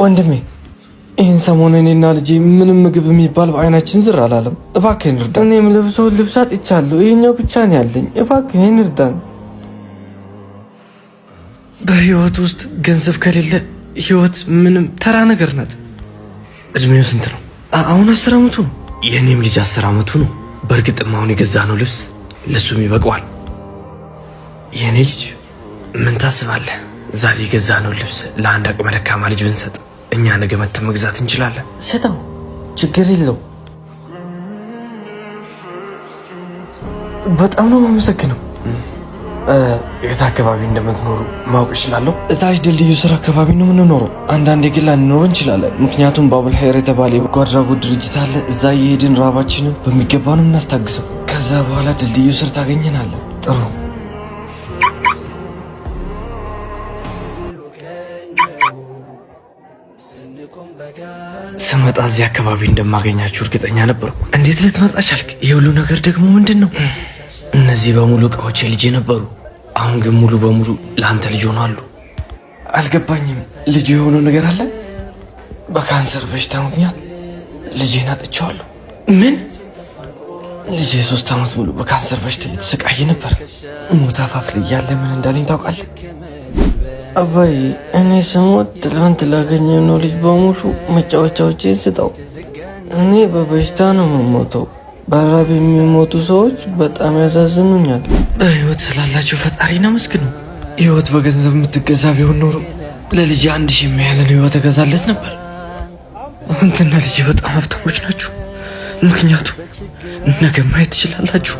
ወንድሜ ይህን ሰሞን እኔና ልጄ ምንም ምግብ የሚባል በአይናችን ዝር አላለም። እባክህን እርዳን። እኔም ልብሰውን ልብስ አጥቻለሁ። ይህኛው ብቻ ነው ያለኝ። እባክህን እርዳን። በህይወት ውስጥ ገንዘብ ከሌለ ህይወት ምንም ተራ ነገር ናት። እድሜው ስንት ነው? አሁን አስር አመቱ ነው። የእኔም ልጅ አስር አመቱ ነው። በእርግጥም አሁን የገዛ ነው ልብስ ለሱም ይበቀዋል። የእኔ ልጅ ምን ታስባለህ? ዛሬ የገዛነው ልብስ ለአንድ አቅመ ደካማ ልጅ ብንሰጥ እኛ ነገ መተን መግዛት እንችላለን። ሰጠው፣ ችግር የለው። በጣም ነው የማመሰግነው። የት አካባቢ እንደምትኖሩ ማወቅ እችላለሁ? እታች ድልድዩ ስራ አካባቢ ነው የምንኖረው። አንዳንዴ ግን ላንኖር እንችላለን፣ ምክንያቱም ባቡል ሀይር የተባለ የበጎ አድራጎት ድርጅት አለ። እዛ እየሄድን ራባችንን በሚገባ ነው የምናስታግሰው። ከዛ በኋላ ድልድዩ ስር ታገኘናለን። ጥሩ ስመጣ እዚህ አካባቢ እንደማገኛችሁ እርግጠኛ ነበርኩ። እንዴት ልትመጣ ቻልክ? የሁሉ ነገር ደግሞ ምንድን ነው? እነዚህ በሙሉ እቃዎች ልጅ ነበሩ። አሁን ግን ሙሉ በሙሉ ለአንተ ልጅ ሆነ አሉ። አልገባኝም። ልጅ የሆነው ነገር አለ። በካንሰር በሽታ ምክንያት ልጄን አጥቼዋለሁ። ምን? ልጅ የሶስት ዓመት ሙሉ በካንሰር በሽታ የተሰቃየ ነበር። ሞት አፋፍ ላይ እያለ ምን እንዳለኝ ታውቃለህ? አባዬ እኔ ስሞት ትላንት ነው ልጅ በሙሉ መጫወቻዎችን ስጠው። እኔ በበሽታ ነው የምሞተው። በራብ የሚሞቱ ሰዎች በጣም ያሳዝኑኛል። በህይወት ስላላቸው ፈጣሪ አመስግኑ። ህይወት በገንዘብ የምትገዛ ቢሆን ኖሮ ለልጅ አንድ ሺ የሚያህል ህይወት እገዛለት ነበር። አንተና ልጅ በጣም ሀብታሞች ናችሁ፣ ምክንያቱም ነገ ማየት ትችላላችሁ።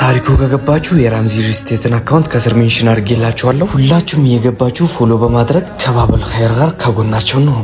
ታሪኩ ከገባችሁ የራምዚ ሪስቴትን አካውንት ከስር ሜንሽን አድርጌላችኋለሁ። ሁላችሁም እየገባችሁ ፎሎ በማድረግ ከባበል ኸይር ጋር ከጎናቸው ነው።